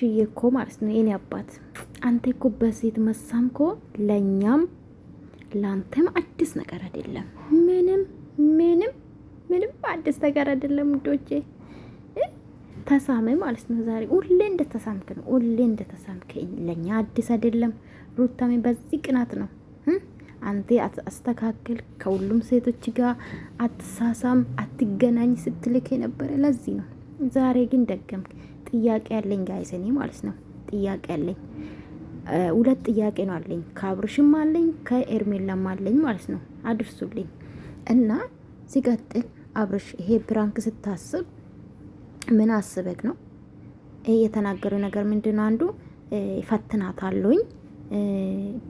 ሽዬ እኮ ማለት ነው የኔ አባት፣ አንተ እኮ በሴት መሳም እኮ ለእኛም ለአንተም አዲስ ነገር አይደለም። ምንም ምንም ምንም አዲስ ነገር አይደለም ውዶቼ። ተሳመ ማለት ነው ዛሬ ሁሌ እንደተሳምክ ነው፣ ሁሌ እንደተሳምክ ለእኛ አዲስ አይደለም። ሩታሜ በዚህ ቅናት ነው አንተ አስተካክል፣ ከሁሉም ሴቶች ጋር አትሳሳም፣ አትገናኝ ስትልክ የነበረ ለዚህ ነው። ዛሬ ግን ደገምክ። ጥያቄ ያለኝ ጋይስ፣ እኔ ማለት ነው ጥያቄ ያለኝ ሁለት ጥያቄ ነው አለኝ። ከአብርሽም አለኝ ከኤርሜላም አለኝ ማለት ነው። አድርሱልኝ እና ሲቀጥል አብርሽ ይሄ ፕራንክ ስታስብ ምን አስበህ ነው? ይሄ የተናገረው ነገር ምንድን ነው? አንዱ ፈትናታለሁኝ፣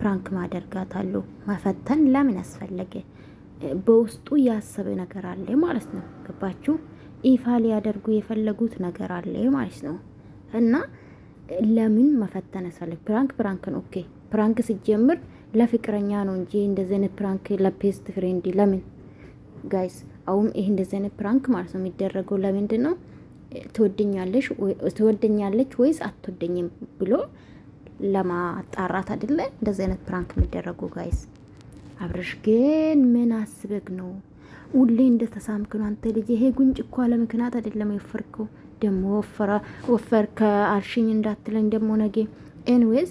ፕራንክ ማደርጋታለሁ። መፈተን ለምን አስፈለገ? በውስጡ ያሰበ ነገር አለ ማለት ነው። ገባችሁ? ይፋ ሊያደርጉ የፈለጉት ነገር አለ ማለት ነው። እና ለምን መፈተን ያሳለች ፕራንክ ፕራንክን ኦኬ ፕራንክ ሲጀምር ለፍቅረኛ ነው እንጂ እንደዚህ አይነት ፕራንክ ለፔስት ፍሬንድ ለምን ጋይስ? አሁን ይህ እንደዚህ አይነት ፕራንክ ማለት ነው የሚደረገው ለምንድን ነው? ትወደኛለች ወይስ አትወደኝም ብሎ ለማጣራት አይደለ እንደዚህ አይነት ፕራንክ የሚደረጉ ጋይስ። አብረሽ ግን ምን አስበግ ነው ሁሌ እንደተሳምክ ነው አንተ ልጅ። ይሄ ጉንጭ እኮ ለምክንያት አይደለም የወፈርከው። ደግሞ ወፈረ ወፈር ከአርሽኝ እንዳትለኝ ደግሞ ነገ። ኤንዌዝ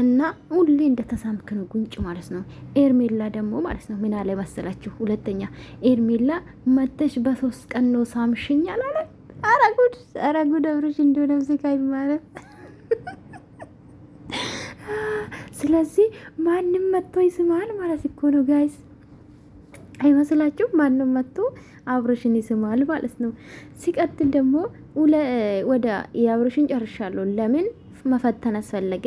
እና ሁሌ እንደተሳምክ ነው ጉንጭ ማለት ነው። ኤርሜላ ደግሞ ማለት ነው ምን አለ መሰላችሁ? ሁለተኛ ኤርሜላ መተሽ በሶስት ቀን ነው ሳምሽኝ አላለ። ኧረ ጉድ! ኧረ ጉድ! አብረሽ እንደሆነ ስካይ ማለት ስለዚህ ማንም መጥቶ ይስማል ማለት እኮ ነው ጋይስ አይመስላችሁ? ማንም መጥቶ አብርሽን ይስማል ማለት ነው። ሲቀጥል ደግሞ ወደ የአብርሽን ጨርሻለሁ። ለምን መፈተን አስፈለገ?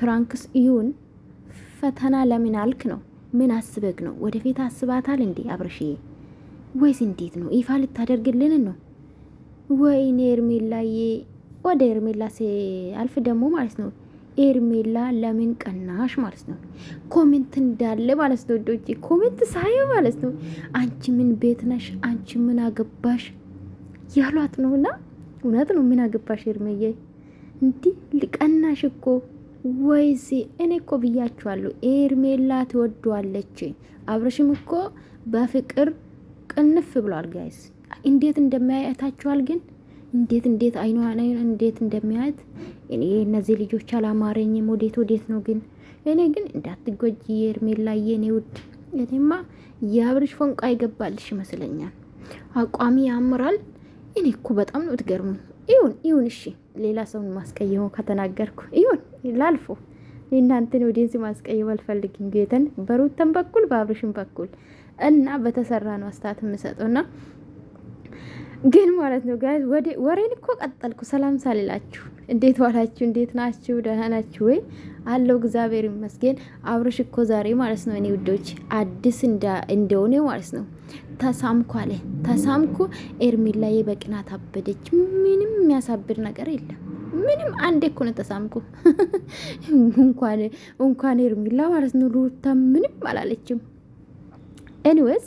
ፕራንክስ ይሁን ፈተና ለምን አልክ ነው? ምን አስበግ ነው? ወደፊት አስባታል እንዴ አብርሽ? ወይስ እንዴት ነው? ይፋ ልታደርግልን ነው? ወይኔ ኤርሜላዬ፣ ወደ ኤርሜላ ሲያልፍ ደግሞ ማለት ነው ኤርሜላ ለምን ቀናሽ ማለት ነው። ኮሜንት እንዳለ ማለት ነው ዶጂ ኮሜንት ሳይ ማለት ነው አንቺ ምን ቤት ነሽ፣ አንቺ ምን አገባሽ ያሏት ነውና፣ እውነት ነው። ምን አገባሽ ኤርሜዬ፣ እንዲህ ልቀናሽ እኮ ወይዚ እኔ እኮ ብያችኋለሁ፣ ኤርሜላ ትወዷለች። አብረሽም እኮ በፍቅር ቅንፍ ብሏል። ጋይስ እንዴት እንደሚያያታችኋል ግን እንዴት እንዴት አይኗን እንዴት እንደሚያያት እኔ እነዚህ ልጆች አላማረኝም። ወዴት ወዴት ነው ግን? እኔ ግን እንዳትጎጂ ሄርሜላዬ፣ የኔ ውድ፣ እኔማ የአብርሽ ፎንቃ ይገባልሽ ይመስለኛል። አቋሚ ያምራል። እኔ እኮ በጣም ነው ትገርሙኝ። ይሁን ይሁን፣ እሺ፣ ሌላ ሰውን ማስቀየመው ከተናገርኩ ይሁን ላልፎ እናንተን ወዲንስ ማስቀየም አልፈልግም። ጌተን በሩተን በኩል በአብርሽን በኩል እና በተሰራ ነው አስተያየት የምሰጠውና ግን ማለት ነው ጋይዝ ወደ ወሬን እኮ ቀጠልኩ። ሰላም ሳልላችሁ እንዴት ዋላችሁ? እንዴት ናችሁ? ደህና ናችሁ ወይ? አለው እግዚአብሔር ይመስገን። አብርሽ እኮ ዛሬ ማለት ነው እኔ ውዶች አዲስ እንደሆነ ማለት ነው ተሳምኩ አለ ተሳምኩ። ኤርሚላዬ በቅናት አበደች። ምንም የሚያሳብድ ነገር የለም። ምንም አንዴ እኮ ነው ተሳምኩ። እንኳን እንኳን ኤርሚላ ማለት ነው ሩታ ምንም አላለችም። ኤኒዌይስ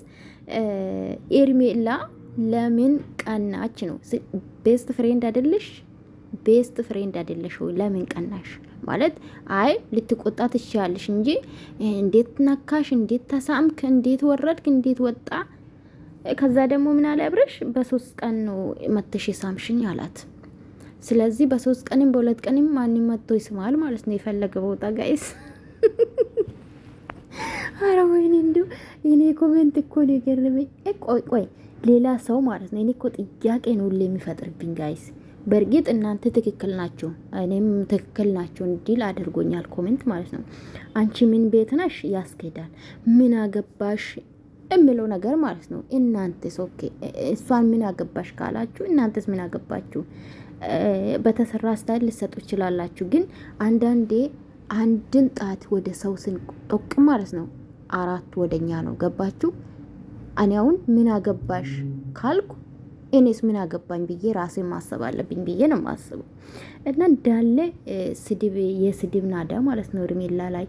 ኤርሚላ ለምን ቀናች ነው? ቤስት ፍሬንድ አይደለሽ? ቤስት ፍሬንድ አይደለሽ ወይ? ለምን ቀናሽ ማለት አይ ልትቆጣ ትችያለሽ እንጂ እንዴት ነካሽ፣ እንዴት ተሳምክ፣ እንዴት ወረድክ፣ እንዴት ወጣ። ከዛ ደግሞ ምን አለ አብረሽ በሶስት ቀን ነው መተሽ ሳምሽኝ አላት። ስለዚህ በሶስት ቀንም በሁለት ቀንም ማንም መጥቶ ይስማል ማለት ነው። የፈለገ ቦታ ጋይስ አረ ወይኔ እንዲሁ እኔ ኮሜንት እኮ ነው የገረመኝ። ቆይ ቆይ ሌላ ሰው ማለት ነው። እኔ እኮ ጥያቄ ነው ሁሌ የሚፈጥርብኝ ጋይስ። በእርግጥ እናንተ ትክክል ናቸው፣ እኔም ትክክል ናቸው እንዲል አድርጎኛል ኮሜንት ማለት ነው። አንቺ ምን ቤት ነሽ ያስኬዳል፣ ምን አገባሽ የሚለው ነገር ማለት ነው። እናንተስ ኦኬ፣ እሷን ምን አገባሽ ካላችሁ እናንተስ ምን አገባችሁ? በተሰራ ስታይል ልሰጡ ይችላላችሁ፣ ግን አንዳንዴ አንድን ጣት ወደ ሰው ስንጠቁም ማለት ነው አራት ወደኛ ነው ገባችሁ እኔ አሁን ምን አገባሽ ካልኩ እኔስ ምን አገባኝ ብዬ ራሴ ማሰብ አለብኝ ብዬ ነው የማስበው። እና እንዳለ ስድብ የስድብ ናዳ ማለት ነው እርሜላ ላይ።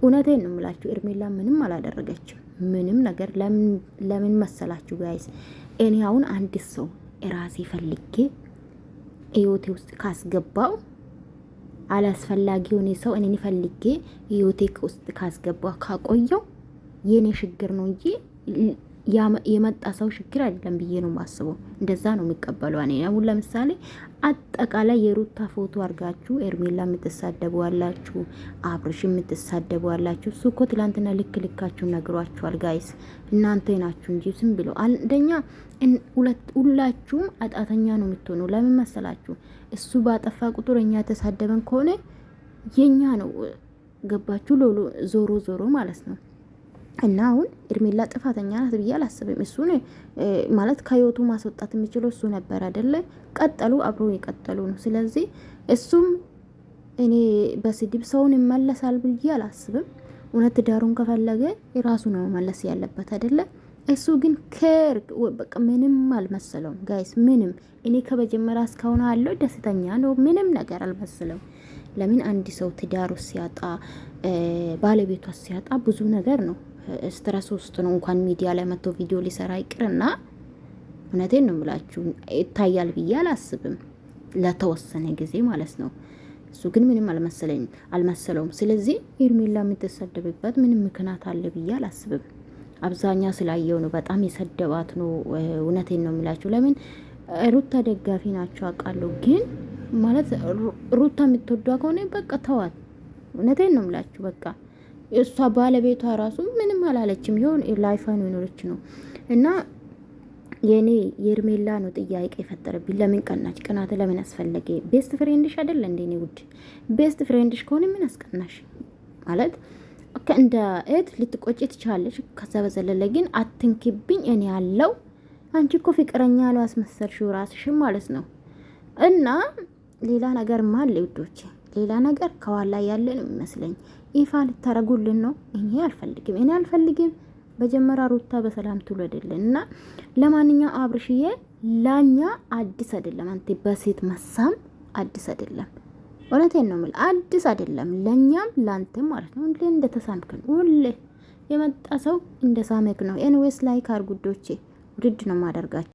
እውነቴን ነው የምላችሁ እርሜላ ምንም አላደረገችም ምንም ነገር። ለምን መሰላችሁ ጋይስ፣ እኔ አሁን አንድ ሰው ራሴ ፈልጌ ህይወቴ ውስጥ ካስገባው አላስፈላጊ የሆነ ሰው እኔን ፈልጌ ህይወቴ ውስጥ ካስገባው ካቆየው የእኔ ችግር ነው እንጂ የመጣ ሰው ችግር አይደለም ብዬ ነው የማስበው። እንደዛ ነው የሚቀበሉ። እኔ አሁን ለምሳሌ አጠቃላይ የሩታ ፎቶ አድርጋችሁ ኤርሜላ የምትሳደቡ አላችሁ፣ አብርሽ የምትሳደቡ አላችሁ። እሱ እኮ ትላንትና ልክ ልካችሁ ነግሯችኋል። ጋይስ እናንተ ናችሁ እንጂ ዝም ብሎ አንደኛ ሁላችሁም አጣተኛ ነው የምትሆኑ። ለምን መሰላችሁ? እሱ ባጠፋ ቁጥር እኛ የተሳደበን ከሆነ የኛ ነው። ገባችሁ? ሎሎ ዞሮ ዞሮ ማለት ነው እና አሁን እድሜላ ጥፋተኛ ናት ብዬ አላስብም። እሱ ማለት ከህይወቱ ማስወጣት የሚችለው እሱ ነበር አይደለ? ቀጠሉ፣ አብሮ የቀጠሉ ነው። ስለዚህ እሱም እኔ በስድብ ሰውን ይመለሳል ብዬ አላስብም። እውነት ዳሩን ከፈለገ ራሱ ነው መለስ ያለበት አይደለ? እሱ ግን ከር በቃ ምንም አልመሰለውም። ጋይስ ምንም እኔ ከመጀመሪያ እስካሁን አለው ደስተኛ ነው። ምንም ነገር አልመሰለውም። ለምን አንድ ሰው ትዳሩ ሲያጣ ባለቤቷ ሲያጣ ብዙ ነገር ነው ስትረስ ውስጥ ነው። እንኳን ሚዲያ ላይ መጥቶ ቪዲዮ ሊሰራ ይቅርና እውነቴን ነው የምላችሁ ይታያል ብዬ አላስብም፣ ለተወሰነ ጊዜ ማለት ነው። እሱ ግን ምንም አልመሰለኝ አልመሰለውም። ስለዚህ ሄርሜላ የምትሰደብበት ምንም ምክንያት አለ ብዬ አላስብም። አብዛኛ ስላየው ነው በጣም የሰደባት ነው። እውነቴን ነው የሚላችሁ ለምን ሩታ ደጋፊ ናቸው አውቃለሁ። ግን ማለት ሩታ የምትወዷ ከሆነ በቃ ተዋት። እውነቴን ነው የምላችሁ በቃ እሷ ባለቤቷ ራሱ ምንም አላለችም። ይሆን ላይፋን ይኖረች ነው እና የኔ የእርሜላ ነው ጥያቄ የፈጠረብኝ። ለምን ቀናች? ቅናት ለምን አስፈለገ? ቤስት ፍሬንድሽ አይደለ እንዴ? እኔ ውድ ቤስት ፍሬንድሽ ከሆነ ምን አስቀናሽ? ማለት እንደ እህት ልትቆጭ ትችላለች። ከዛ በዘለለ ግን አትንክብኝ። እኔ ያለው አንቺ እኮ ፍቅረኛ ነው አስመሰልሽው ራስሽም ማለት ነው። እና ሌላ ነገር ማለ ውዶች፣ ሌላ ነገር ከኋላ ያለን ይመስለኝ ይፋ ልታረጉልን ነው። እኔ አልፈልግም፣ እኔ አልፈልግም። በጀመራ ሩታ በሰላም ትውለድልን እና ለማንኛው አብርሽዬ ላኛ አዲስ አይደለም። አንተ በሴት መሳም አዲስ አይደለም። እውነቴን ነው የምልህ አዲስ አይደለም፣ ለኛም ላንተም ማለት ነው። ሁሌ እንደተሳምክን ሁሌ የመጣ ሰው እንደ ሳመክ ነው። ኤንዌስ ላይ ካርጉዶቼ ውድድ ነው ማደርጋቸው